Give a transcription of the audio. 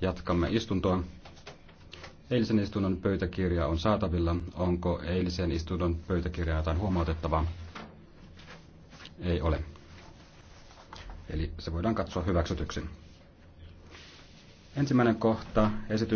Jatkamme istuntoa. Eilisen istunnon pöytäkirja on saatavilla. Onko eilisen istunnon pöytäkirjaa jotain huomautettavaa? Ei ole. Eli se voidaan katsoa hyväksytyksi. Ensimmäinen kohta esitys